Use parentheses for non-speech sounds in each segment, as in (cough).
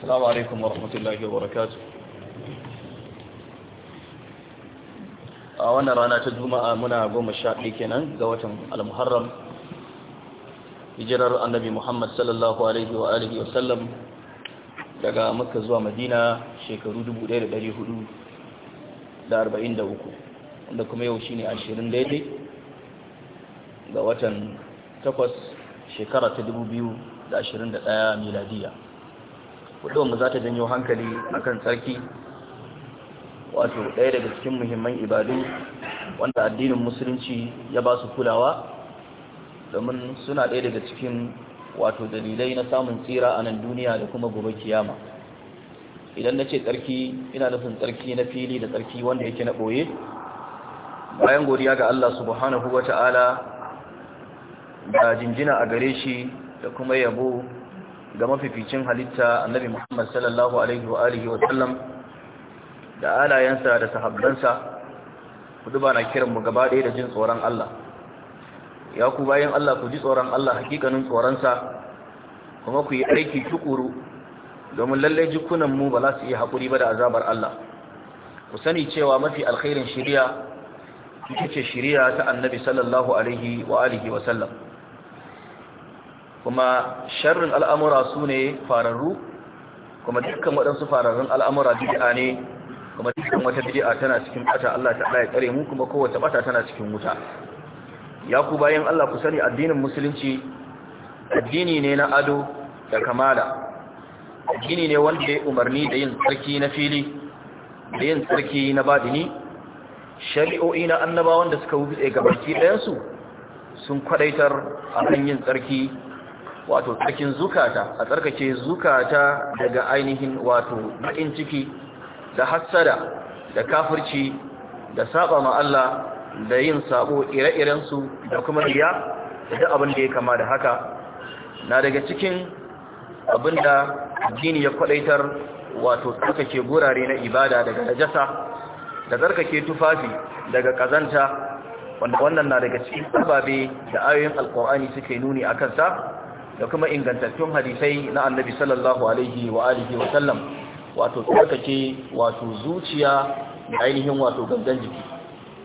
السلام عليكم ورحمة الله وبركاته a wannan rana ta juma'a muna goma sha ɗaya kenan ga watan al-muharram hijirar annabi muhammad sallallahu alaihi wa alihi wa sallam daga makka zuwa madina shekaru 1443 wanda kuma yau shine 20 daidai ga watan 8 shekara ta 2021 miladiya wato mu za ta janyo hankali akan tsarki wato ɗaya daga cikin muhimman ibadu wanda addinin musulunci ya ba su kulawa domin suna ɗaya daga cikin wato dalilai na samun tsira a nan duniya da kuma gobe kiyama idan na ce tsarki ina nufin tsarki na fili da tsarki wanda yake na ɓoye bayan godiya ga Allah subhanahu wa ta'ala da jinjina a gare shi da kuma yabo ga mafificin halitta annabi Muhammad sallallahu alaihi wa alihi wa sallam da alayansa da sahabbansa kudu na kiran mu gaba ɗaya da jin tsoron Allah ya ku bayan Allah ku ji tsoron Allah hakikanin tsoronsa kuma ku yi aiki tukuru domin lallai jikunan mu ba za su iya haƙuri ba da azabar Allah ku sani cewa mafi alkhairin shiriya ita ce shiriya ta annabi sallallahu alaihi wa alihi wa sallam kuma sharrin al'amura su ne fararru kuma dukkan waɗansu fararrun al'amura bid'a ne kuma dukkan wata bid'a tana cikin ɓata, Allah ta ɗaya tsare mu kuma kowace ɓata tana cikin wuta ya ku bayan Allah ku sani addinin musulunci addini ne na ado da kamala addini ne wanda ya umarni da yin tsarki na fili da yin tsarki na badini shari'o'i na annabawan da suka wuce gabaki ɗayansu sun kwadaitar a kan yin tsarki wato tsarkin zukata a tsarkake zukata daga ainihin wato baƙin ciki da hassada da kafirci da saba ma Allah da yin sabo ire-irensu da kuma riya da abin da ya kama da haka na daga cikin abin da jini ya kwadaitar wato tsarkake gurare na ibada daga najasa da tsarkake tufafi daga kazanta wannan na daga cikin ababe da ayoyin alkur'ani suke nuni a kansa da kuma ingantattun hadisai na annabi sallallahu alaihi wa alihi wa sallam wato tsarkake wato zuciya da ainihin wato gangan jiki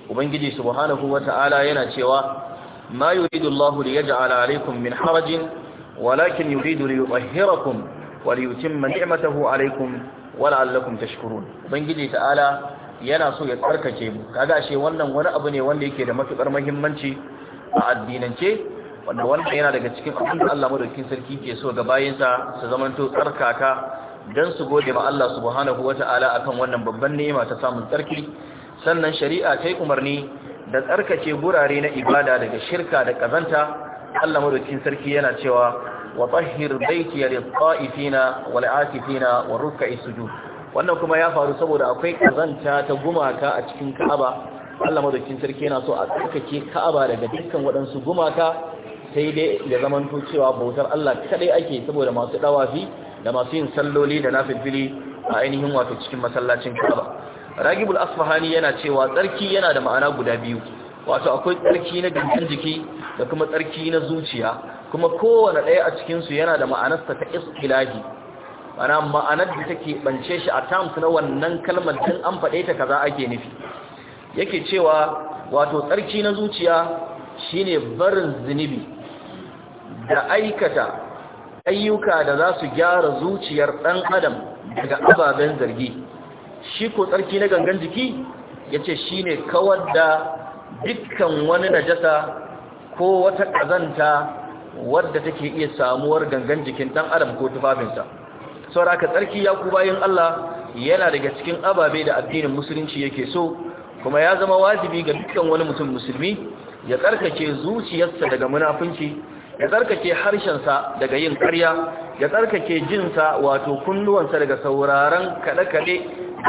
ubangiji subhanahu ta'ala yana cewa ma yuridu Allah li yaj'ala alaykum min harajin walakin yuridu li yutahhirakum wa li yutimma ni'matahu alaykum wa la'allakum tashkurun ubangiji ta'ala yana so ya tsarkake mu kaga ashe wannan wani abu ne wanda yake da matukar muhimmanci a addinance wanda wanda yana daga cikin abin da Allah madaukakin sarki ke so ga bayinsa su zamanto tsarkaka don su gode ma Allah subhanahu wata'ala akan wannan babban ni'ima ta samun tsarki sannan shari'a ta yi umarni da tsarkace gurare na ibada daga shirka da kazanta Allah madaukakin sarki yana cewa wa tahhir baiti lit-ta'ifina wal-'akifina war-ruk'i sujud wannan kuma ya faru saboda akwai kazanta ta gumaka a cikin Ka'aba Allah madaukakin sarki yana so a tsarkake Ka'aba daga dukkan waɗansu gumaka sai dai da zamanto cewa bautar Allah kadai ake saboda masu dawafi da masu yin salloli da nafilfili a ainihin wato cikin masallacin Kaaba Ragibul Asfahani yana cewa tsarki yana da ma'ana guda biyu wato akwai tsarki na gangan jiki da kuma tsarki na zuciya kuma kowane ɗaya a cikin su yana da sa ta istilahi ana ma'anar da take bance shi a terms na wannan kalmar din an faɗe ta kaza ake nufi yake cewa wato tsarki na zuciya shine barin zunubi da aikata ayyuka da za su gyara zuciyar ɗan adam daga ababen zargi shi ko tsarki na gangan jiki ya ce shi ne kawar da dukkan wani najasa ko wata ƙazanta wadda take iya samuwar gangan jikin ɗan adam ko tufafinsa sauraka tsarki ya ku bayan Allah yana daga cikin ababe da addinin musulunci yake so kuma ya zama wajibi ga dukkan wani mutum musulmi ya tsarkake zuciyarsa daga munafunci ya tsarkake harshensa daga yin ƙarya ya tsarkake jinsa wato kunnuwansa daga sauraron kaɗe-kaɗe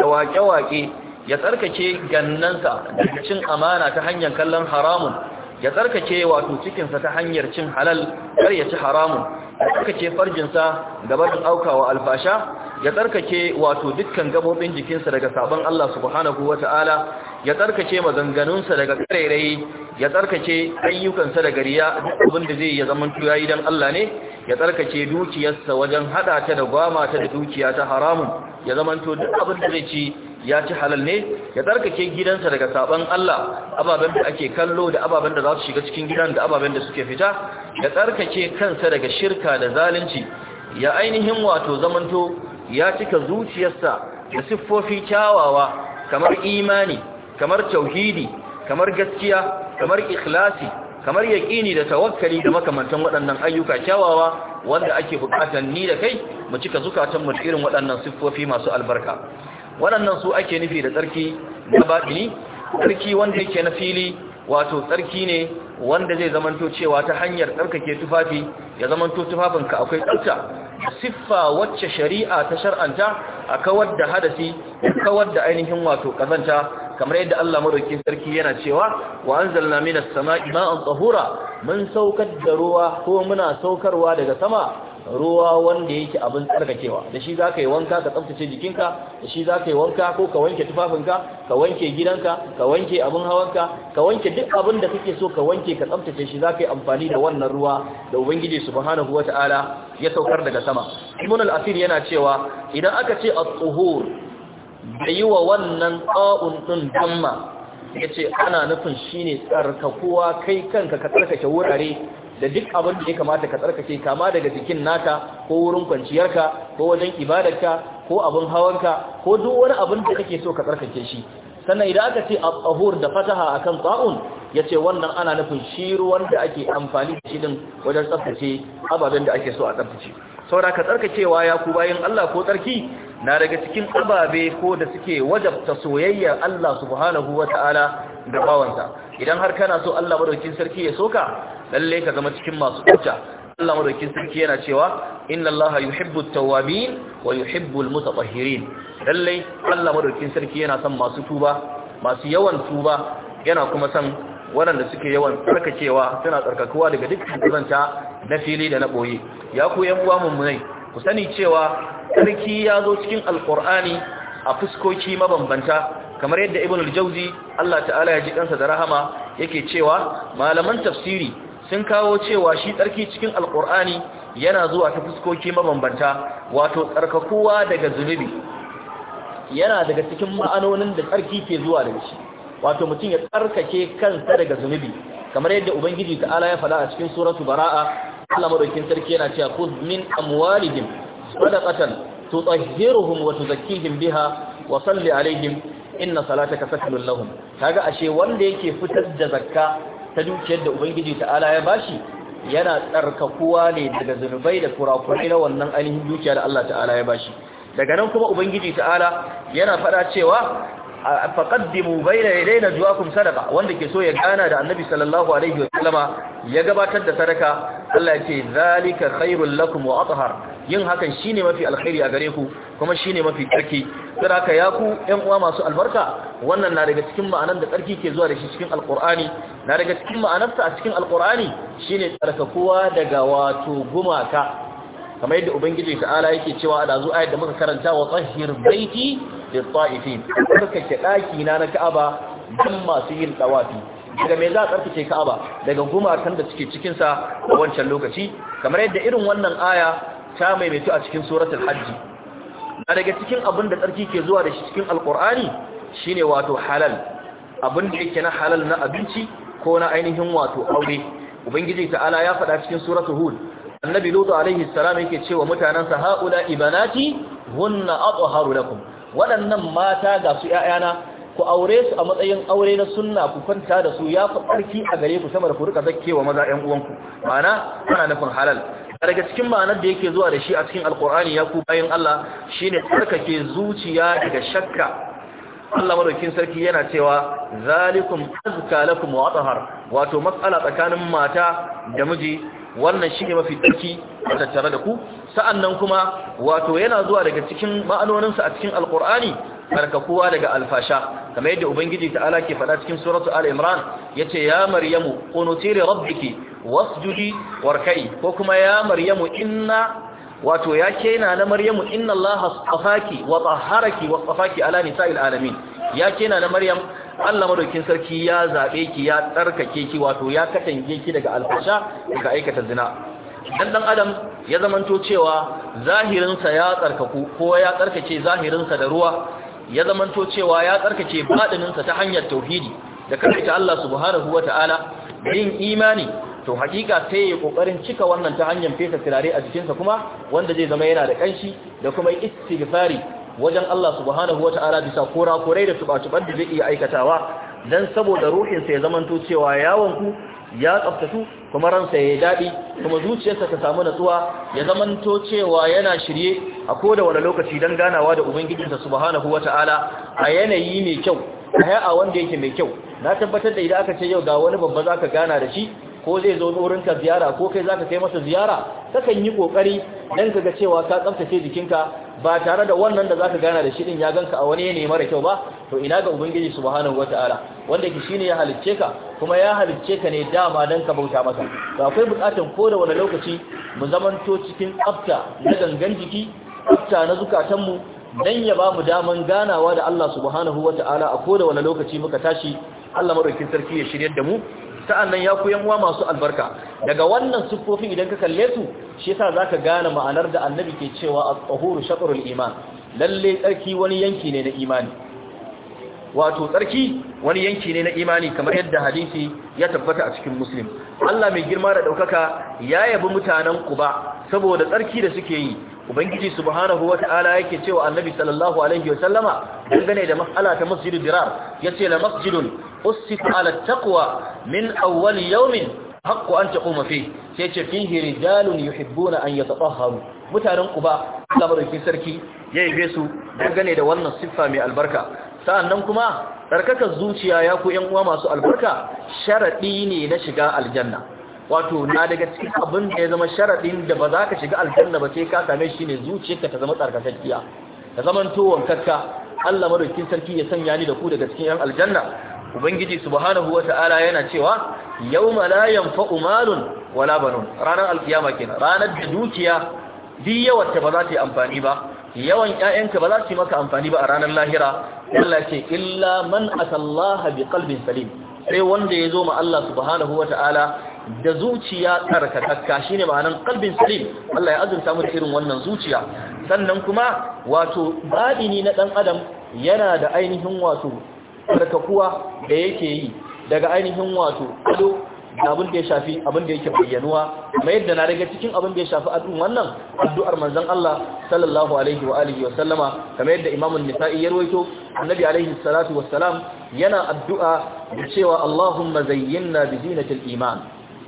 da waƙe-waƙe ya tsarkake gannansa daga cin amana ta hanyar kallon haramun ya tsarkake wato cikinsa ta hanyar cin halal kar ya ci haramun ya tsarkake farjinsa da barin aukawa alfasha ya tsarkake wato dukkan gabobin jikinsa daga sabon Allah subhanahu wata'ala ya tsarkake mazanganunsa daga karerai ya tsarkake ayyukansa daga riya duk abin da zai ya zaman tuyayi dan Allah ne ya tsarkake dukiyarsa wajen hada ta da gwamata da dukiya ta haramun ya zaman to duk abin da zai ci ya ci halal ne ya tsarkake gidansa daga saban Allah ababen da ake kallo da ababen da za su shiga cikin gidan da ababen da suke fita ya tsarkake kansa daga shirka da zalunci ya ainihin wato zamanto ya cika zuciyarsa da siffofi kyawawa kamar imani kamar tauhidi kamar gaskiya kamar ikhlasi kamar yaƙini da tawakkali da makamantan waɗannan ayyuka kyawawa wanda ake bukatan ni da kai mu cika zukatan mu irin waɗannan siffofi masu albarka waɗannan su ake nufi da tsarki na baɗini tsarki wanda yake na fili wato tsarki ne wanda zai zamanto cewa ta hanyar tsarkake tufafi ya zamanto tufafinka akwai tsafta siffa wacce shari'a ta shar'anta a kawar da hadasi kawar da ainihin wato kazanta kamar yadda Allah madaukakin sarki yana cewa wa anzalna minas sama'i ma'an tahura mun saukar da ruwa ko muna saukarwa daga sama ruwa wanda yake abin tsarkakewa da shi za ka yi wanka ka tsaftace jikinka da shi za ka yi wanka ko ka wanke tufafinka ka wanke gidanka ka wanke abin hawanka ka wanke duk abin da kake so ka wanke ka tsaftace shi za ka yi amfani da wannan ruwa da ubangiji subhanahu wata'ala ya saukar daga sama ibn al-asir yana cewa idan aka ce at-tuhur da wa wannan qa'un din damma yace ana nufin shine tsarkakuwa kai kanka ka tsarkake wurare da duk abin da ya kamata ka tsarkake kama daga jikin naka ko wurin kwanciyarka ko wajen ibadarka ko abin hawanka ko duk wani abin da kake so ka tsarkake shi sannan idan aka ce al da fataha akan ta'un yace wannan ana nufin shi ruwan da ake amfani da shi din wajen tsaftace ababen da ake so a tsaftace saboda ka tsarkakewa ya ku bayan Allah ko tsarki na daga cikin ababe ko da suke wajabta soyayya Allah subhanahu ta'ala da bawansa idan har kana so Allah madaukin sarki ya soka lalle ka zama cikin masu kuta Allah madaukin sarki yana cewa inna Allaha yuhibbu at-tawwabin wa yuhibbu al-mutatahhirin lalle Allah madaukin sarki yana son masu tuba masu yawan tuba yana kuma son waɗanda suke yawan tsarkakewa suna tsarkakuwa daga dukkan kazanta na fili da na boye ya ku yan uwa mummunai ku sani cewa sarki ya zo cikin alkur'ani a fuskoki mabambanta kamar yadda ibn al-jawzi Allah ta'ala ya ji kansa da rahama yake cewa malaman tafsiri sun kawo cewa shi tsarki cikin alkur'ani yana zuwa ta fuskoki mabambanta wato tsarkakuwa daga zunubi yana daga cikin ma'anonin da tsarki ke zuwa da shi wato mutum ya tsarkake kansa daga zunubi kamar yadda ubangiji ta'ala ya faɗa a cikin suratu bara'a Allah madaukin sarki yana cewa khudh min amwalihim sadaqatan tutahhiruhum wa tuzakkihim biha wa salli alaihim inna salataka sakalun lahum kaga ashe wanda yake fitar da zakka ta dukiyar da ubangiji ta'ala ya bashi yana tsarkakuwa ne daga zunubai da kurakurai na wannan ainihin dukiya da Allah ta'ala ya bashi daga nan kuma ubangiji ta'ala yana fada cewa faqaddimu bayna zuwa du'akum sadaqa wanda ke so ya gana da annabi sallallahu alaihi wa ya gabatar da sadaka Allah ya ce zalika khairul lakum wa athhar yin hakan shine mafi alkhairi a gare ku kuma shine mafi tsarki saboda ya ku ƴan uwa masu albarka wannan na daga cikin ma'anar da tsarki ke zuwa da shi cikin alqur'ani na daga cikin ma'anarsa a cikin alqur'ani shine tsarkakuwa daga wato gumaka kamar yadda ubangiji ta'ala yake cewa da zu ayat da muka karanta wa tahhir baiti lit-ta'ifin tsarkake daki na na Ka'aba dan masu yin tawafi daga me za a tsarkake Ka'aba daga gumakan da suke cikin sa a wancan lokaci kamar yadda irin wannan aya ta maimaitu a cikin suratul hajji na daga cikin abin da tsarki ke zuwa da shi cikin alqur'ani shine wato halal abin da yake na halal na abinci ko na ainihin wato aure ubangiji ta'ala ya faɗa cikin suratul hud annabi lutu alaihi salam yake cewa mutanansa haula ibanati hunna atharu lakum waɗannan mata ga su ‘ya'yana ku aure su a matsayin aure na sunna ku kwanta da su ya fi ƙarfi a gare ku sama da ku rika zakkewa maza ‘yan uwanku mana ana nufin halal daga cikin ma'anar da yake zuwa da shi a cikin alkur'ani ya ku bayan Allah shine tsarkake zuciya daga shakka Allah madaukin sarki yana cewa zalikum azka lakum wa wato matsala tsakanin mata da miji wannan shi ne mafi tsarki a tattare da ku sa'annan kuma wato yana zuwa daga cikin ma'anoninsa a cikin alkur'ani barkakuwa daga alfasha kamar yadda ubangiji ta'ala ke faɗa cikin suratu al-imran ce ya maryamu qunuti li rabbiki wasjudi warka'i ko kuma ya maryamu inna wato ya ke na maryamu inna allaha astafaki wa tahharaki wa astafaki ala nisa'il alamin ya na, na maryam Allah madaukin sarki ya zabe ki ya tsarkake ki wato ya katange ki daga alfasha daga aikata zina dan dan adam ya zamanto cewa zahirinsa ya tsarkaku ko ya tsarkake zahirinsa da ruwa ya zamanto cewa ya tsarkake badininsa ta hanyar tauhidi da karanta Allah subhanahu wataala yin imani to hakika sai ya kokarin cika wannan ta hanyar fesa turare a jikinsa kuma wanda zai zama yana da kanshi da kuma istighfari wajen Allah subhanahu ta'ala bisa kora korai da tuba-tuban da zai iya aikatawa dan saboda ruhinsa ya zamanto cewa yawon ku ya tsaftatu kuma ransa ya daɗi kuma zuciyarsa ta samu natsuwa ya zamanto cewa yana shirye a koda wani lokaci don ganawa da ubangijinsa subhanahu ta'ala a yanayi mai kyau a wanda yake mai kyau na tabbatar da idan aka ce yau ga wani babba zaka gana da shi ko zai zo wurinka ziyara ko kai zaka kai masa ziyara kakan yi kokari dan kaga cewa ka tsaftace jikinka ba tare da wannan da zaka gana da shi din ya ganka a wani ne mara kyau ba to ina ga ubangiji subhanahu wataala wanda ki shine ya halicce ka kuma ya halicce ka ne dama dan ka bauta masa to akwai bukatun ko da wani lokaci mu zamanto cikin tsafta na gangan jiki tsafta na zukatanmu dan ya ba mu daman ganawa da Allah subhanahu wataala a ko da wani lokaci muka tashi Allah madaukin sarki ya shiryar da mu sa'annan ya ku yanwa masu albarka daga wannan siffofi idan ka kalle su shi yasa zaka gane ma'anar da annabi ke cewa a tahuru shatrul iman lalle tsarki wani yanki ne na imani wato tsarki wani yanki ne na imani kamar yadda hadisi ya tabbata a cikin muslim Allah mai girma da ɗaukaka ya yabi mutanen ba saboda tsarki da suke yi ubangiji subhanahu wata'ala yake cewa annabi sallallahu alaihi wasallama dangane da mas'ala ta masjidul dirar yace la masjidun ussit ala taqwa min awwal yawmin haqqu an taquma fi sai ce fihi rijalun yuhibbuna an yatatahharu mutanen kuba Allah sarki ya yabe su dangane da wannan siffa mai albarka sa'annan kuma tsarkakar zuciya ya ku yan uwa masu albarka sharadi ne na shiga aljanna wato na daga cikin abin da ya zama sharadin da ba za ka shiga aljanna ba sai ka same shi ne zuciyarka ta zama tsarkakakkiya ta zaman towon kakka Allah madaukakin sarki ya sanya ni da ku daga cikin yan aljanna ubangiji subhanahu wata'ala yana cewa yawma la yanfa'u malun wala banun ranar alkiyama kenan ranar da dukiya duk yawarta ba za ta yi amfani ba yawan ƴaƴanka ba za su yi maka amfani ba a ranar lahira Allah ce illa man atallaha kalbin salim sai wanda ya zo ma Allah subhanahu wata'ala da zuciya tsarkakakka shine ma'anar kalbin salim Allah ya azurta mu da irin wannan zuciya sannan kuma wato badini na dan adam yana da ainihin wato Daga kuwa da yake yi daga ainihin wato ado da abin da ya shafi abin da yake bayyanuwa kuma yadda na daga cikin abin da ya shafi addu'an wannan addu'ar manzon Allah sallallahu alaihi wa alihi wa sallama kamar yadda Imam an-Nisa'i ya rawaito Annabi alaihi salatu wassalam yana addu'a da cewa Allahumma zayyinna bi zinatil iman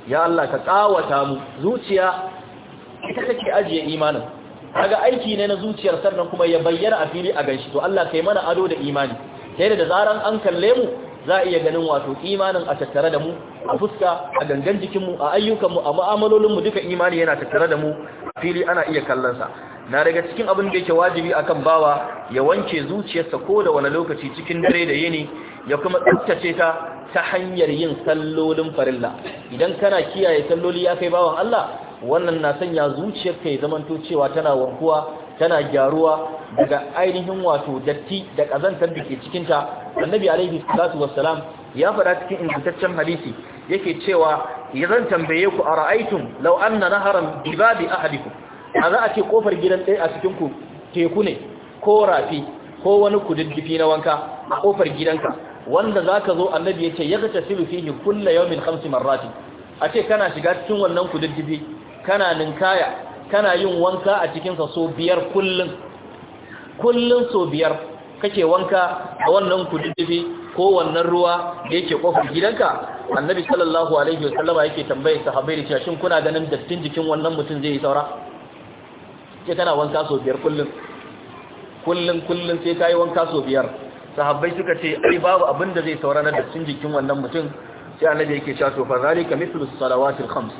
ya Allah ka kawata mu zuciya ita take ajiye imanin kaga aiki ne na zuciyar sannan kuma ya bayyana a fili a ganshi to Allah kai mana ado da imani sai da zaran an kalle mu za a iya ganin wato imanin a tattare da mu a fuska a gangan jikinmu a ayyukanmu a mu'amalolinmu duka imani yana tattare da mu fili ana iya kallonsa na daga cikin abin da yake wajibi kan bawa ya wanke zuciyarsa ko da wani lokaci cikin dare da yini ya kuma tsaftace ta ta hanyar yin sallolin farilla idan kana kiyaye salloli ya kai bawan Allah wannan na sanya zuciyarka ya zamanto cewa tana wankuwa tana gyaruwa daga ainihin wato datti da kazantar da ke cikinta annabi alaihi salatu wassalam ya faɗa cikin ingantaccen hadisi yake cewa ya zan tambaye ku a ra'aitun lau na naharan a hadiku a za a ce kofar gidan ɗaya a cikin teku ne ko rafi ko wani kududdufi na wanka a kofar gidanka wanda za ka zo annabi ya ce yace yaghtasilu fihi yau min hamsi marrati a ce kana shiga cikin wannan kududdufi kana ninkaya kana yin wanka a cikinsa so biyar kullum kullum so biyar kake wanka a wannan kududdufi ko wannan ruwa da yake kofar gidanka annabi sallallahu alaihi wasallama yake tambaye sahabbai da cewa shin kuna ganin dattin jikin wannan mutum zai yi saura ke kana wanka so biyar kullum kullum kullum sai kai wanka so biyar sahabbai suka ce ai babu abin da zai saura na dattin jikin wannan mutum sai annabi yake cewa to fa zalika mithlu salawatil khams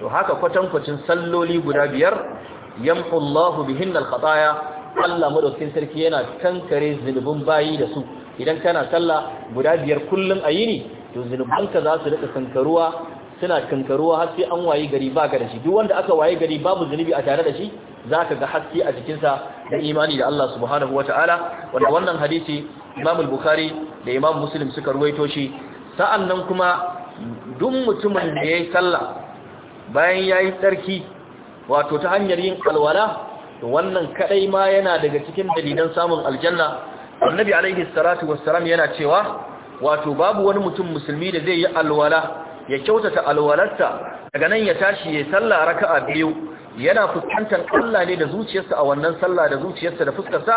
to haka kwatankwacin salloli guda biyar yamhu Allahu bihin al Allah madaukakin sarki yana kankare zunubin bayi da su idan kana sallah guda biyar kullum a yini, to zunubanka za su rika kankaruwa suna kankaruwa har sai an waye gari baka da shi duk wanda aka wayi gari babu zunubi a tare da shi zaka ga haske a jikinsa da imani da Allah subhanahu wataala wanda wannan hadisi Imam al-Bukhari da Imam Muslim suka ruwaito shi sa'annan kuma duk mutumin da yayi sallah bayan ya yi tsarki wato ta hanyar yin alwala wannan kadai ma yana daga cikin dalilan samun aljanna annabi alaihi salatu wassalam yana cewa wato babu wani mutum musulmi da zai yi alwala ya kyautata alwalarsa daga nan ya tashi ya salla raka'a biyu yana fuskantar Allah ne da zuciyarsa a wannan sallah da zuciyarsa da fuskarsa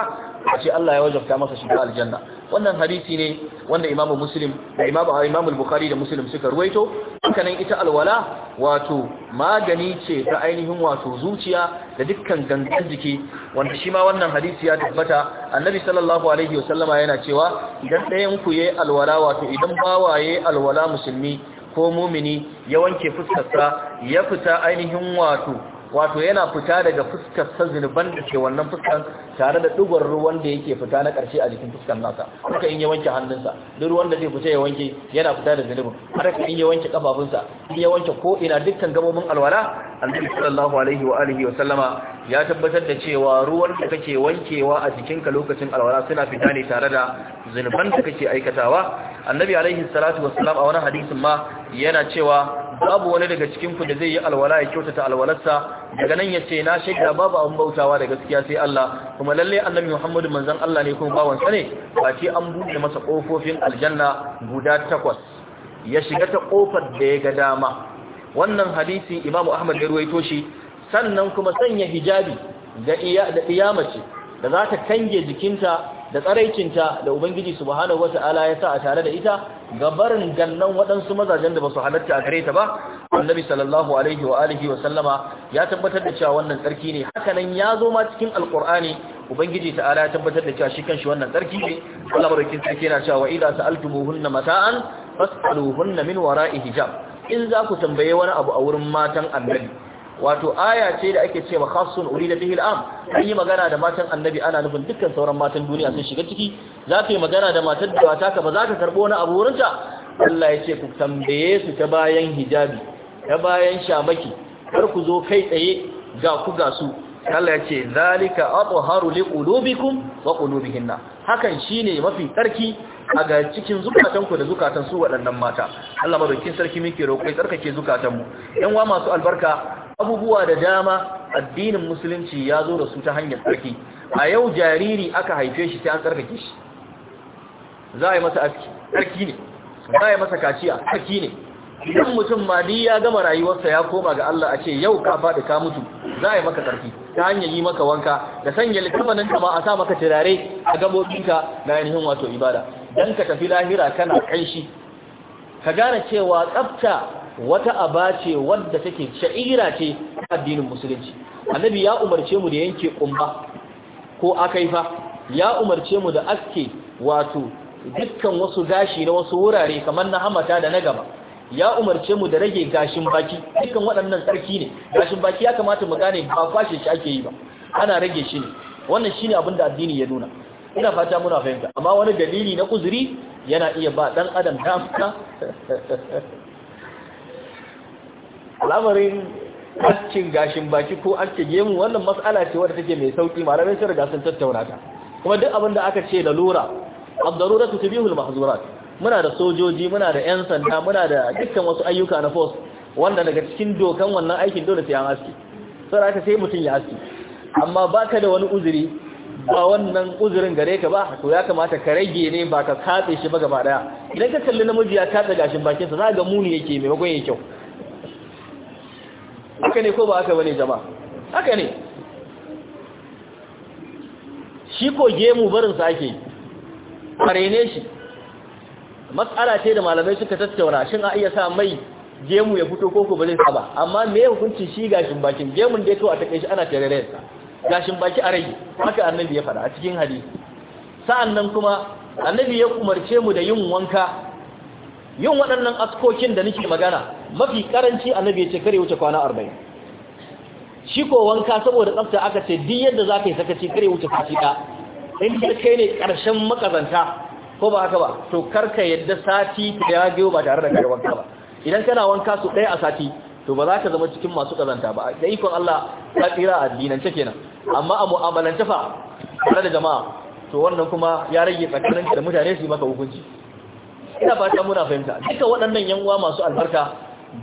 a ce Allah ya wajabta masa shiga aljanna wannan hadisi ne wanda Imam Muslim da Imam Imam Bukhari da Muslim suka ruwaito hakanan ita alwala wato magani ce ta ainihin wato zuciya da dukkan gangan jiki wanda shi ma wannan hadisi ya tabbata Annabi sallallahu alaihi wasallama yana cewa idan ɗayan ku yayi alwala wato idan bawaye alwala musulmi ko mumini ya wanke fuskarsa ya fita ainihin wato wato yana fita daga fuskar sa zunuban da ke wannan fuskar tare da dubar ruwan da yake fita na ƙarshe a jikin fuskar nasa haka in yi wanke hannunsa duk ruwan da zai fita ya wanke yana fita da zunubin ka in yi wanke kafafunsa in yi wanke ko ina dukkan gabobin alwala annabi sallallahu alaihi wa alihi wa sallama ya tabbatar da cewa ruwan da kake wankewa a jikinka lokacin alwala suna fita ne tare da zunuban da kake aikatawa annabi alaihi salatu wassalam a wani hadisin ma yana cewa babu wani daga cikin ku da zai yi alwala ya kyautata alwalarsa daga nan ya ce na shaida babu abin bautawa da gaskiya sai Allah kuma lalle annabi Muhammadu manzon Allah ne kuma bawan sa ne ba an buɗe masa kofofin aljanna guda takwas ya shiga ta kofar da ya ga dama wannan hadisi Imam Ahmad ya ruwaito shi sannan kuma sanya hijabi da iya da iyamace da za ta kange jikinta da tsaraicinta da ubangiji subhanahu wata'ala ya sa a tare da ita gabarin gannan waɗansu mazajen da ba su halatta a gare ta ba annabi sallallahu alaihi wa alihi wa sallama ya tabbatar da cewa wannan tsarki ne hakanan ya zo ma cikin Alƙur'ani. ubangiji ta'ala ya tabbatar da cewa shi kanshi wannan tsarki ne Allah barakin tsarki na cewa idza sa'altumuhunna mata'an fas'aluhunna min wara'i hijab in za ku tambaye wani abu a wurin matan annabi wato aya ce da ake ce ma khassun urida bihi al'am an yi magana da matan annabi ana nufin dukkan sauran matan duniya sun shiga ciki za ka yi magana da matan da ba ka ba za ka karbo wani abu wurinta Allah ya ce ku tambaye su ta bayan hijabi ta bayan shamaki kar ku zo kai tsaye ga ku ga su Allah ya ce zalika atharu liqulubikum wa qulubihinna hakan shi ne mafi tsarki a ga cikin zukatanku da zukatan su waɗannan mata Allah madaukin sarki muke roƙo tsarkake zukatanmu yan wa masu albarka abubuwa da dama addinin musulunci ya zo da su ta hanyar tsarki a yau jariri aka haife shi sai an tsarkake shi za a yi masa masa kaciya tsarki ne idan mutum ma ya gama rayuwarsa ya koma ga Allah a ce yau ka faɗi ka mutu za a yi maka ƙarfi ta hanyar yi maka wanka da sanya littafanin ka ma a sa maka turare a gabobinka na ainihin wato ibada dan ka tafi lahira kana kanshi ka gane cewa tsafta wata aba ce wadda take sha'ira ce addinin musulunci annabi ya umarce mu da yanke kumba ko akaifa ya umarce mu da aske wato dukkan wasu gashi na wasu wurare kamar na hamata da na gaba ya umarce mu da rage gashin baki dukkan waɗannan tsarki ne gashin baki ya kamata mu gane ba kwashe shi ake yi ba ana rage shi ne wannan shine abin da addini ya nuna ina fata muna fahimta amma wani dalili na kuzuri yana iya ba dan adam dama (laughs) lamarin askin gashin baki ko aske gemu wannan matsala ce wadda take mai sauki malamai shirga sun tattauna ta kuma duk abin da aka ce da lura daruratu tubihul mahzurat muna da sojoji muna da 'yan sanda muna da dukkan wasu ayyuka na force wanda daga cikin dokan wannan aikin dole sai an aski saboda aka sai mutum ya aski amma baka da wani uzuri ba wannan uzurin gare ka ba to ya kamata ka rage ne ba ka katse shi ba gaba daya idan ka kalli namiji ya katse gashin bakin sa zaka ga muni yake mai magoyin yake kyau haka ne ko ba haka bane jama'a haka ne shi ko gemu barin sa ake kare ne shi matsala ce da malamai suka tattauna shin a iya sa mai gemu ya fito koko ba zai sa ba amma me hukuncin shi gashin bakin gemun ya kawo a take shi ana tare sa gashin baki a rage haka annabi ya faɗa a cikin hadisi sa'annan kuma annabi ya umarce mu da yin wanka yin waɗannan askokin da nake magana mafi karanci annabi ya ce kare wuce kwana 40 shi ko wanka saboda tsafta aka ce duk yadda zaka yi sakaci kare wuce kwana in kai ne karshen makazanta ko ba haka ba to karka yadda sati ta yagewa ba tare da kai wanka ba idan kana wanka su ɗaya a sati to ba za ka zama cikin masu kazanta ba da ikon Allah ka tsira a addinance kenan amma a mu'amalance fa tare da jama'a to wannan kuma ya rage tsakanin da mutane su yi maka hukunci ina fata muna fahimta duka waɗannan yanwa masu albarka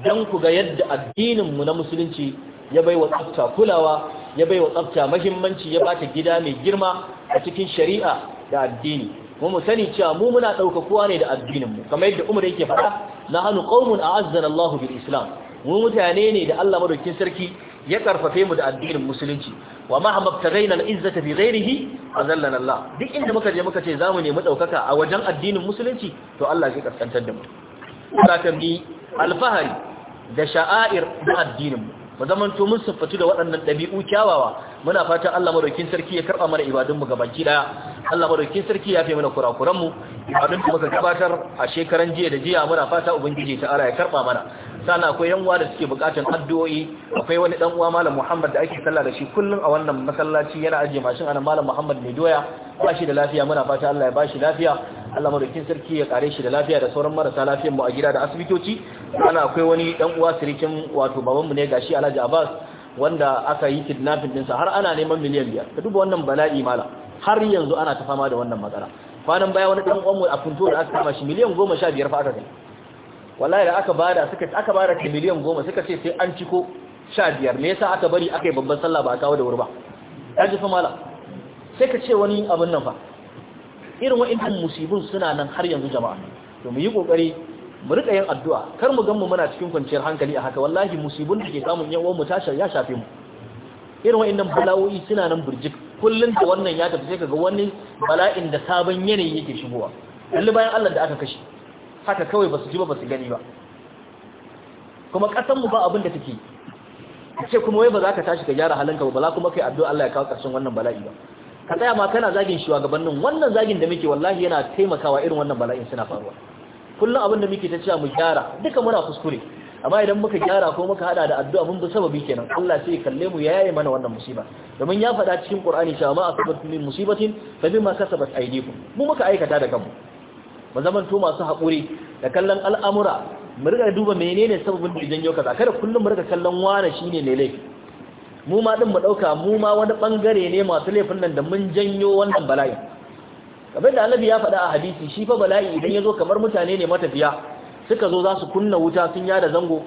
dan ku ga yadda addinin mu na musulunci ya baiwa tsafta kulawa ya baiwa tsafta muhimmanci ya ba ta gida mai girma a cikin shari'a da addini Mu mu sani cewa mu muna ɗaukakuwa ne da addininmu kamar yadda umar yake faɗa na hannu ƙaumun a allahu bil islam mu mutane ne da allah madaukin sarki ya karfafe mu da addinin musulunci wa ma hamabtagaina al-izzata bi ghairihi azallana allah duk inda muka je muka ce zamu nemi ɗaukaka a wajen addinin musulunci to allah zai kaskantar da mu saka bi alfahari da sha'air na addinin mu mu zamanto mun siffatu da waɗannan ɗabi'u kyawawa muna fatan Allah madaukin sarki ya karɓa mana ibadunmu gabaki ɗaya Allah madaukakin sarki ya fi mana kurakuran mu abin da muka gabatar a shekaran jiya da jiya muna fata ubangiji ta ara ya karba mana sana akwai yan uwa da suke bukatun addu'o'i akwai wani dan uwa malam Muhammad da ake sallah da shi kullun a wannan masallaci yana aje mashin anan malam Muhammad mai doya ba shi da lafiya muna fata Allah ya ba shi lafiya Allah madaukakin sarki ya kare shi da lafiya da sauran marasa lafiyar mu a gida da asibitoci ana akwai wani dan uwa sirikin wato babanmu ne gashi Alhaji Abbas wanda aka yi kidnapping sa har ana neman miliyan biyar ka duba wannan bala'i mala har yanzu ana ta fama da wannan matsala kwanan baya wani ɗan ƙwanmu a kunto da aka kama shi miliyan goma sha biyar fa aka kai wallahi da aka bada suka aka bada ta miliyan goma suka ce sai an ciko sha biyar me yasa aka bari aka yi babban sallah ba a kawo da wuri ba ya ji fa mala sai ka ce wani abin nan fa irin wa'intan musibin suna nan har yanzu jama'a to mu yi kokari mu rika yin addu'a kar mu ganmu muna cikin kwanciyar hankali a haka wallahi musibin da ke samun yan uwan mu ta ya shafe mu irin wa'innan bala'o'i suna nan burjik Kullum da wannan ya tafi sai kaga wani bala'in da sabon yanayi yake shigowa kalli bayan Allah da aka kashe haka kawai basu ji ba basu gani ba kuma kasan mu ba abin da take ce kuma wai ba za ka tashi ka gyara halinka ba bala kuma kai addu'a Allah ya kawo ƙarshen wannan bala'i ba ka tsaya ma kana zagin nan, wannan zagin da muke wallahi yana taimakawa irin wannan bala'in suna faruwa kullum abin da muke ta cewa mu gyara duka muna kuskure amma idan muka gyara ko muka hada da addu'a mun bi sababi kenan Allah sai kalle mu ya yaye mana wannan musiba domin ya faɗa cikin Qur'ani cewa ma asabat min musibatin fa bima kasabat aydikum mu muka aikata da kanmu mu zaman to masu haƙuri da kallon al'amura mu riga duba menene sababin da janyo kaza kada kullum mu riga kallon wani shine ne laifi mu ma din mu dauka mu ma wani bangare ne masu laifin nan da mun janyo wannan bala'i kamar da annabi ya faɗa a hadisi shi fa bala'i idan ya zo kamar mutane ne matafiya suka zo za su kunna wuta sun yada zango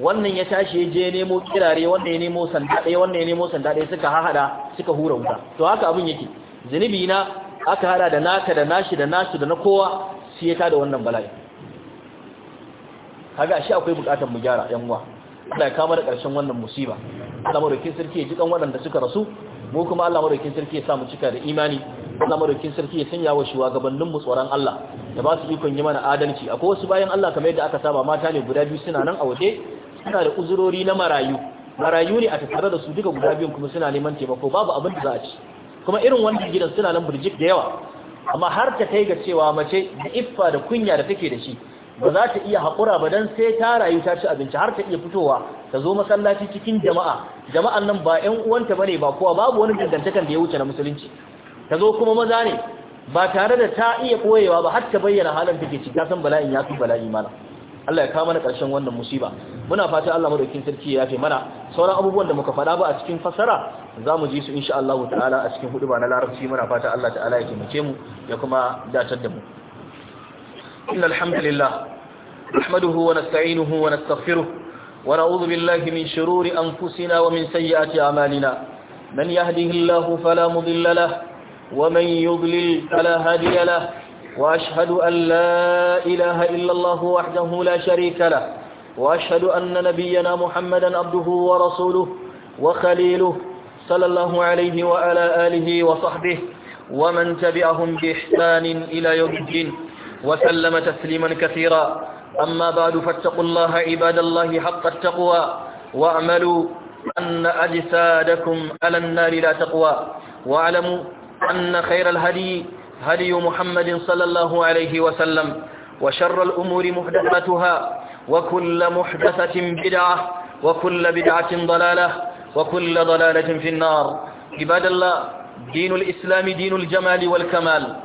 wannan ya tashi ya je nemo kirare wannan ya nemo santa ɗaya wannan ya nemo santa ɗaya suka hahada suka hura wuta to haka abin yake zunubi na aka hada da naka da nashi da nashi da na kowa sai ya tada wannan bala'i kaga shi akwai bukatar mu gyara yan uwa Allah ya kama da ƙarshen wannan musiba Allah madaukakin sarki ya ji kan waɗanda suka rasu mu kuma Allah madaukakin sarki ya sa mu cika da imani Allah madaukin sarki ya sanya wa shugabanninmu tsoron Allah da ba su ikon yi mana adalci akwai wasu bayan Allah kamar yadda aka saba mata ne guda biyu suna nan a waje suna da uzurori na marayu marayu ne a tattare da su duka guda biyun kuma suna neman taimako babu abin da za a ci kuma irin wannan gidan suna nan burjik da yawa amma har ta kai ga cewa mace da iffa da kunya da take da shi ba za ta iya haƙura ba dan sai ta rayu ta ci abinci har ta iya fitowa ta zo masallaci cikin jama'a jama'an nan ba 'yan uwanta bane ba kowa babu wani dangantakan da ya wuce na musulunci ta zo kuma maza ne ba tare da ta iya koyewa ba har ta bayyana halin take ciki ta san bala'in ya fi bala'i mana Allah ya kawo mana ƙarshen wannan musiba muna fata Allah madaukakin sarki ya yafe mana sauran abubuwan da muka faɗa ba a cikin fasara za mu ji su insha Allah ta'ala a cikin hudu ba na larabci muna fata Allah ta'ala ya taimake mu ya kuma datar da mu إن الحمد لله wa ونستعينه ونستغفره ونعوذ بالله min شرور أنفسنا ومن سيئات أعمالنا من يهده الله فلا مضل له ومن يضلل فلا هادي له وأشهد أن لا إله إلا الله وحده لا شريك له وأشهد أن نبينا محمدا عبده ورسوله وخليله صلى الله عليه وعلى آله وصحبه ومن تبعهم بإحسان إلى يوم الدين وسلم تسليما كثيرا أما بعد فاتقوا الله عباد الله حق التقوى واعملوا أن أجسادكم على النار لا تقوى واعلموا أن خير الهدي هدي محمد صلى الله عليه وسلم وشر الأمور محدثاتها وكل محدثة بدعة وكل بدعة ضلالة وكل ضلالة في النار عباد الله دين الإسلام دين الجمال والكمال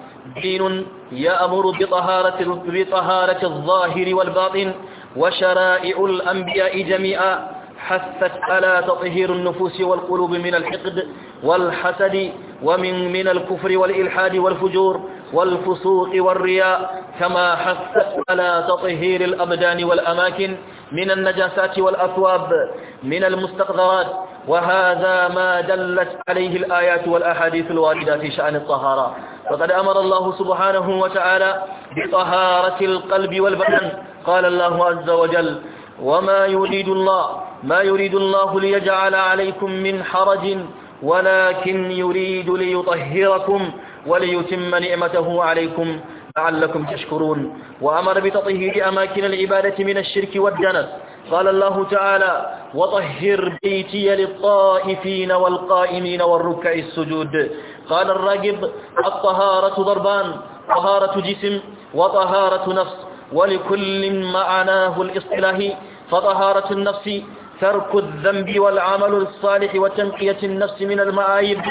دين يأمر بطهارة, بطهارة الظاهر والباطن وشرائع الأنبياء جميعا حثت على تطهير النفوس والقلوب من الحقد والحسد ومن من الكفر والإلحاد والفجور والفسوق والرياء كما حثت على تطهير الأبدان والأماكن من النجاسات والأثواب من المستقذرات وهذا ما دلت عليه الآيات والأحاديث الواردة في شأن الطهارة فقد أمر الله سبحانه وتعالى بطهارة القلب والبدن قال الله عز وجل وما يريد الله ما يريد الله ليجعل عليكم من حرج ولكن يريد ليطهركم وليتم نعمته عليكم لعلكم تشكرون وأمر بتطهير أماكن العبادة من الشرك والدنس قال الله تعالى وطهر بيتي للطائفين والقائمين والركع السجود قال الراجب الطهارة ضربان طهارة جسم وطهارة نفس ولكل معناه الاصطلاحي فطهارة النفس ترك الذنب والعمل الصالح وتنقية النفس من المعايب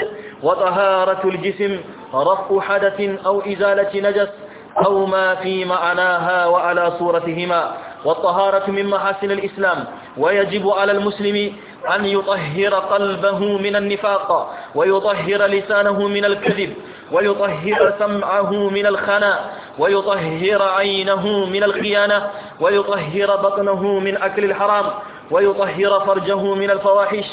وطهارة الجسم رفع حدث أو إزالة نجس أو ما في معناها وعلى صورتهما والطهارة من محاسن الإسلام ويجب على المسلم أن يطهر قلبه من النفاق ويطهر لسانه من الكذب ويطهر سمعه من الخناء ويطهر عينه من الخيانة ويطهر بطنه من أكل الحرام ويطهر فرجه من الفواحش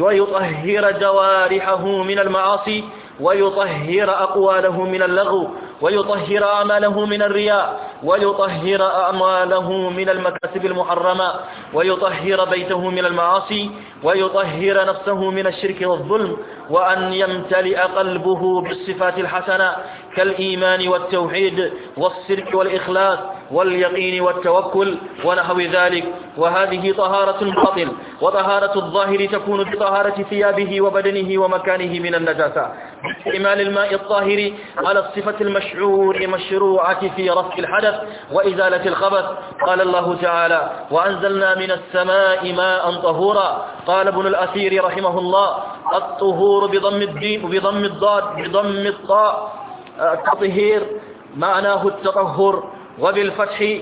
ويطهر جوارحه من المعاصي ويطهر أقواله من اللغو ويطهر أعماله من الرياء ويطهر أعماله من المكاسب المحرمة ويطهر بيته من المعاصي ويطهر نفسه من الشرك والظلم وأن يمتلئ قلبه بالصفات الحسنة كالإيمان والتوحيد والسرك والإخلاص واليقين والتوكل ونحو ذلك وهذه طهارة الباطن وطهارة الظاهر تكون بطهارة ثيابه وبدنه ومكانه من النجاسة باستعمال الماء الطاهر على الصفة المشعور مشروعة في رفق الحدث الحدث وإزالة الخبث قال الله تعالى وأنزلنا من السماء ماء طهورا قال ابن الأثير رحمه الله الطهور بضم الدين بضم الضاد بضم الطاء التطهير معناه التطهر وبالفتح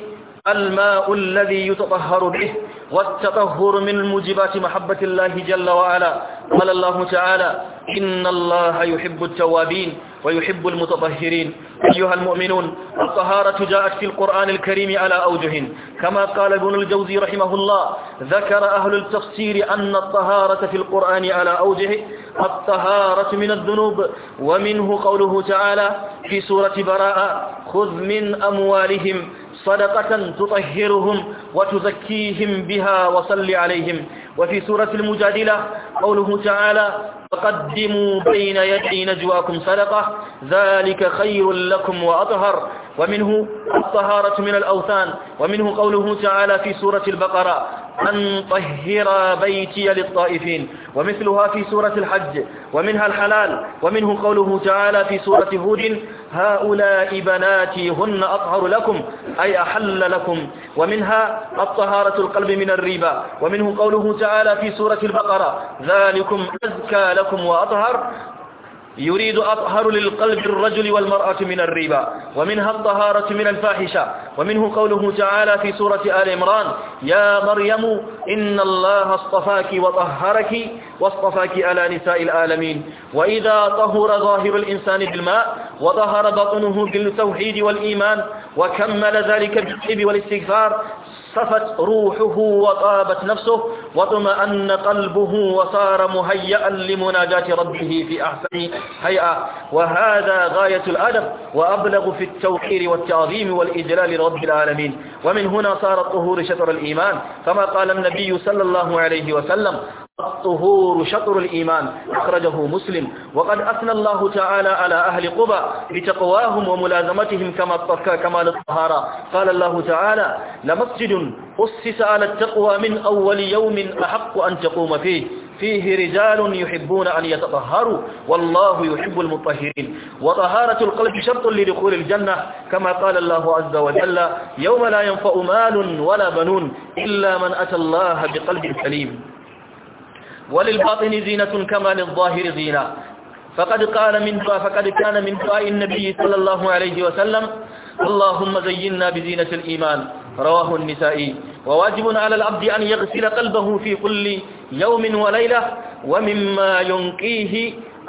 الماء الذي يتطهر به والتطهر من موجبات محبة الله جل وعلا قال الله تعالى إن الله يحب التوابين ويحب المتطهرين أيها المؤمنون الطهارة جاءت في القرآن الكريم على أوجه كما قال ابن الجوزي رحمه الله ذكر أهل التفسير أن الطهارة في القرآن على أوجه الطهارة من الذنوب ومنه قوله تعالى في سورة براءة خذ من أموالهم صدقة تطهرهم وتزكيهم بها وصل عليهم وفي سورة المجادلة قوله تعالى فقدموا بين يدي نجواكم صدقة ذلك خير لكم وأطهر ومنه الطهارة من الأوثان ومنه قوله تعالى في سورة البقرة أن طهر بيتي للطائفين ومثلها في سورة الحج ومنها الحلال ومنه قوله تعالى في سورة هود هؤلاء بناتي هن أطهر لكم أي أحل لكم ومنها الطهارة القلب من الريبة ومنه قوله تعالى تعالى في سورة البقرة ذلكم أزكى لكم وأطهر يريد أطهر للقلب الرجل والمرأة من الربا ومنها الطهارة من الفاحشة ومنه قوله تعالى في سورة آل عمران يا مريم إن الله اصطفاك وطهرك واصطفاك على نساء العالمين وإذا طهر ظاهر الإنسان بالماء وطهر بطنه بالتوحيد والإيمان وكمل ذلك بالتوبة والاستغفار صفت روحه وطابت نفسه وطمأن قلبه وصار مهيئا لمناجاة ربه في أحسن هيئة وهذا غاية الأدب وأبلغ في التوقير والتعظيم والإجلال لرب العالمين ومن هنا صار الطهور شطر الإيمان كما قال النبي صلى الله عليه وسلم الطهور شطر الإيمان أخرجه مسلم وقد أثنى الله تعالى على أهل قبى بتقواهم وملازمتهم كما كمال الطهارة قال الله تعالى لمسجد أسس على التقوى من أول يوم أحق أن تقوم فيه فيه رجال يحبون أن يتطهروا والله يحب المطهرين وطهارة القلب شرط لدخول الجنة كما قال الله عز وجل يوم لا ينفع مال ولا بنون إلا من أتى الله بقلب سليم وللباطن زينة كما للظاهر زينة فقد قال من فقد كان من دعاء النبي صلى الله عليه وسلم اللهم زينا بزينة الإيمان رواه النسائي وواجب على العبد أن يغسل قلبه في كل يوم وليلة ومما ينقيه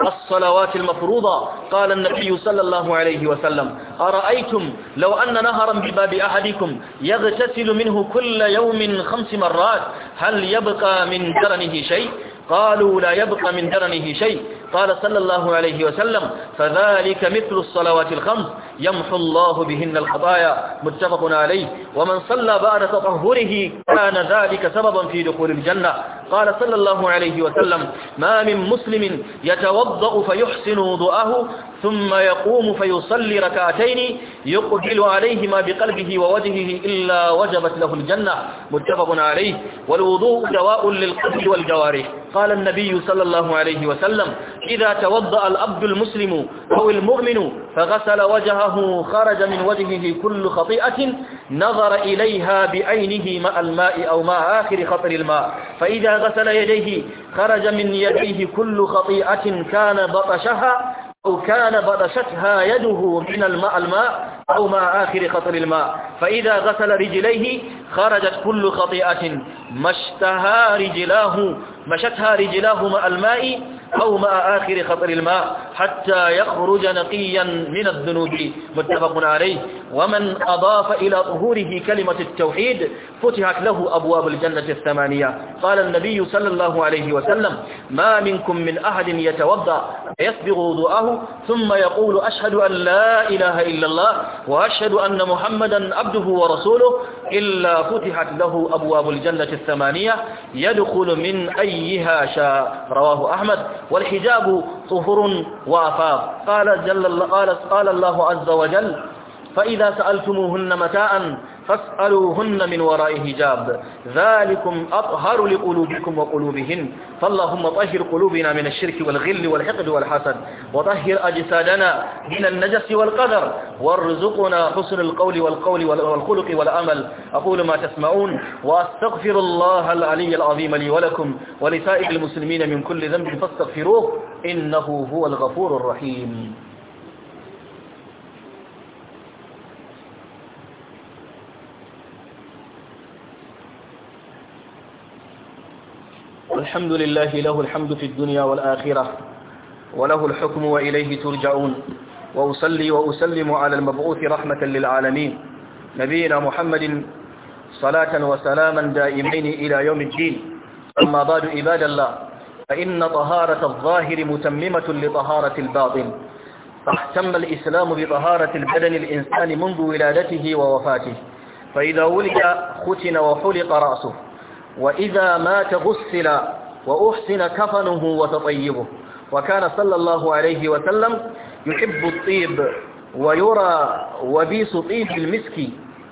الصلوات المفروضة قال النبي صلى الله عليه وسلم أرأيتم لو أن نهرا بباب أحدكم يغتسل منه كل يوم خمس مرات هل يبقى من درنه شيء قالوا لا يبقى من درنه شيء قال صلى الله عليه وسلم فذلك مثل الصلوات الخمس يمحو الله بهن الخطايا متفق عليه ومن صلى بعد تطهره كان ذلك سببا في دخول الجنة قال صلى الله عليه وسلم ما من مسلم يتوضأ فيحسن وضوءه ثم يقوم فيصلي ركعتين يقبل عليهما بقلبه ووجهه إلا وجبت له الجنة متفق عليه والوضوء دواء للقلب والجوارح قال النبي صلى الله عليه وسلم إذا توضأ الأبد المسلم أو المؤمن فغسل وجهه خرج من وجهه كل خطيئة نظر إليها بعينه ماء الماء أو ما آخر خطر الماء فإذا غسل يديه خرج من يديه كل خطيئة كان بطشها أو كان بطشتها يده من الماء الماء أو ما آخر خطر الماء فإذا غسل رجليه خرجت كل خطيئة مشتها رجلاه مشتها رجلاه ماء الماء أو مع آخر خطر الماء حتى يخرج نقيا من الذنوب متفق عليه ومن أضاف إلى ظهوره كلمة التوحيد فتحت له أبواب الجنة الثمانية قال النبي صلى الله عليه وسلم ما منكم من أحد يتوضأ فيسبغ وضوءه ثم يقول أشهد أن لا إله إلا الله وأشهد أن محمدا عبده ورسوله إلا فتحت له أبواب الجنة الثمانية يدخل من أيها شاء رواه أحمد والحجاب طهر وافاق قال, قال, قال الله عز وجل فإذا سألتموهن متاعا فاسألوهن من وراء حجاب ذلكم أطهر لقلوبكم وقلوبهن فاللهم طهر قلوبنا من الشرك والغل والحقد والحسد وطهر أجسادنا من النجس والقدر وارزقنا حسن القول والقول والخلق والأمل أقول ما تسمعون وأستغفر الله العلي العظيم لي ولكم ولسائر المسلمين من كل ذنب فاستغفروه إنه هو الغفور الرحيم الحمد لله له الحمد في الدنيا والآخرة وله الحكم وإليه ترجعون وأصلي وأسلم على المبعوث رحمة للعالمين نبينا محمد صلاة وسلاما دائمين إلى يوم الدين أما بعد عباد الله فإن طهارة الظاهر متممة لطهارة الباطن فاهتم الإسلام بطهارة البدن الإنسان منذ ولادته ووفاته فإذا ولد ختن وحلق رأسه وإذا مات غسل وأحسن كفنه وتطيبه وكان صلى الله عليه وسلم يحب الطيب ويرى وبيس طيب المسك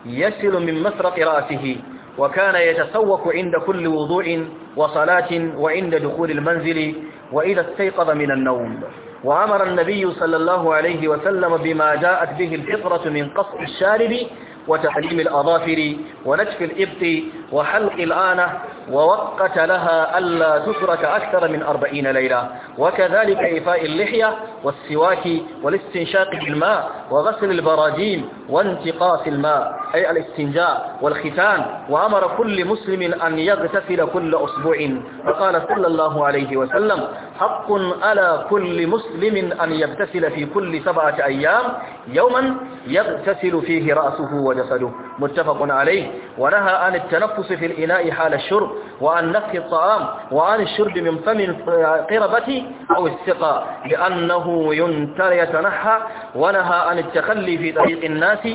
يسل من مسرق رأسه وكان يتسوق عند كل وضوء وصلاة وعند دخول المنزل وإذا استيقظ من النوم وأمر النبي صلى الله عليه وسلم بما جاءت به الفطرة من قص الشارب وتحليم الأظافر ونتف الإبط وحلق الآنة ووقت لها ألا تترك أكثر من أربعين ليلة وكذلك إيفاء اللحية والسواك والاستنشاق بالماء وغسل البراجين وانتقاص الماء أي الاستنجاء والختان وأمر كل مسلم أن يغتسل كل أسبوع فقال صلى الله عليه وسلم حق على كل مسلم أن يغتسل في كل سبعة أيام يوما يغتسل فيه رأسه وجسده متفق عليه ونهى عن التنفس في الإناء حال الشرب وعن نفخ الطعام وعن الشرب من فم القربة أو السقاء لأنه ينتر يتنحى ونهى عن التخلي في طريق الناس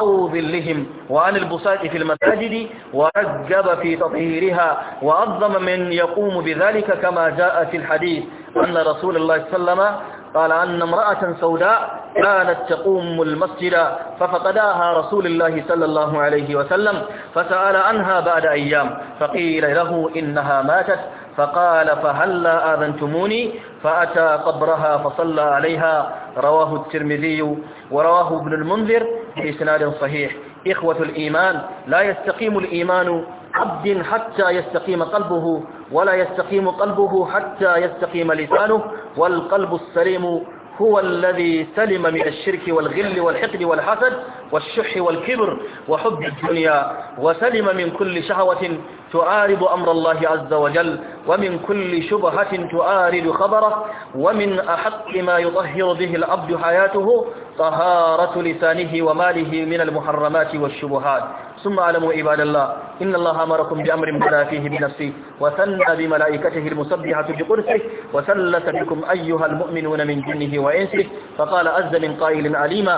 أو ظلهم وعن البساط في المساجد ورجب في تطهيرها وعظم من يقوم بذلك كما جاء في الحديث أن رسول الله صلى الله عليه وسلم قال أن امرأة سوداء كانت تقوم المسجد ففقداها رسول الله صلى الله عليه وسلم فسأل عنها بعد أيام فقيل له إنها ماتت فقال فهلا آذنتموني فأتى قبرها فصلى عليها رواه الترمذي ورواه ابن المنذر بإسناد صحيح إخوة الإيمان لا يستقيم الإيمان عبد حتى يستقيم قلبه ولا يستقيم قلبه حتى يستقيم لسانه والقلب السليم هو الذي سلم من الشرك والغل والحقد والحسد والشح والكبر وحب الدنيا وسلم من كل شهوة تعارض أمر الله عز وجل ومن كل شبهة تعارض خبره ومن أحق ما يطهر به العبد حياته طهارة لسانه وماله من المحرمات والشبهات ثم اعلموا عباد الله إن الله أمركم بأمر بدا فيه بنفسه وثنى بملائكته المسبحة بقرسه وثلث بكم أيها المؤمنون من جنه وإنسه فقال عز من قائل عليما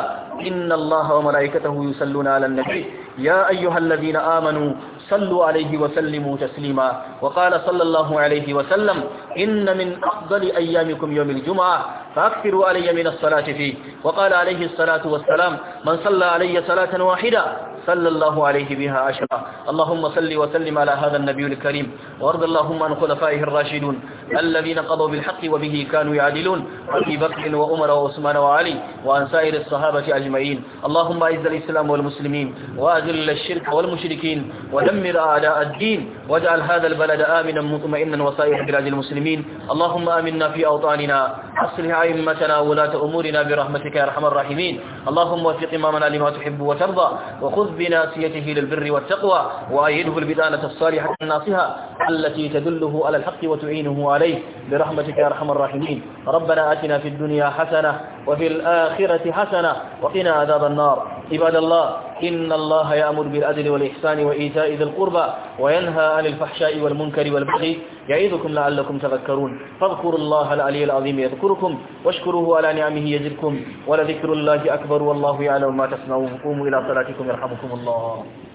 إن الله وملائكته يصلون على النبي يا أيها الذين آمنوا صلوا عليه وسلموا تسليما وقال صلى الله عليه وسلم إن من أفضل أيامكم يوم الجمعة فأكثروا علي من الصلاة فيه وقال عليه الصلاة والسلام من صلى علي صلاة واحدة صلى الله عليه بها عشرة اللهم صل وسلم على هذا النبي الكريم وارض اللهم عن خلفائه الراشدون الذين قضوا بالحق وبه كانوا يعدلون أبي بكر وعمر وعثمان وعلي وعن سائر الصحابة أجمعين اللهم أعز الإسلام والمسلمين وأذل الشرك والمشركين ودمر أعداء الدين واجعل هذا البلد آمنا مطمئنا وسائر بلاد المسلمين اللهم آمنا في أوطاننا أصلح أئمتنا ولاة أمورنا برحمتك يا أرحم الراحمين اللهم وفق إمامنا لما تحب وترضى وخذ بناصيته للبر والتقوى وأيده البدانة الصالحة الناصحة التي تدله على الحق وتعينه على عليه برحمتك يا ارحم الراحمين ربنا آتنا في الدنيا حسنة وفي الآخرة حسنة وقنا عذاب النار عباد الله إن الله يأمر بالعدل والإحسان وإيتاء ذي القربى وينهى عن الفحشاء والمنكر والبغي يعظكم لعلكم تذكرون فاذكروا الله العلي العظيم يذكركم واشكروه على نعمه يزدكم ولذكر الله أكبر والله يعلم ما تصنعون قوموا إلى صلاتكم يرحمكم الله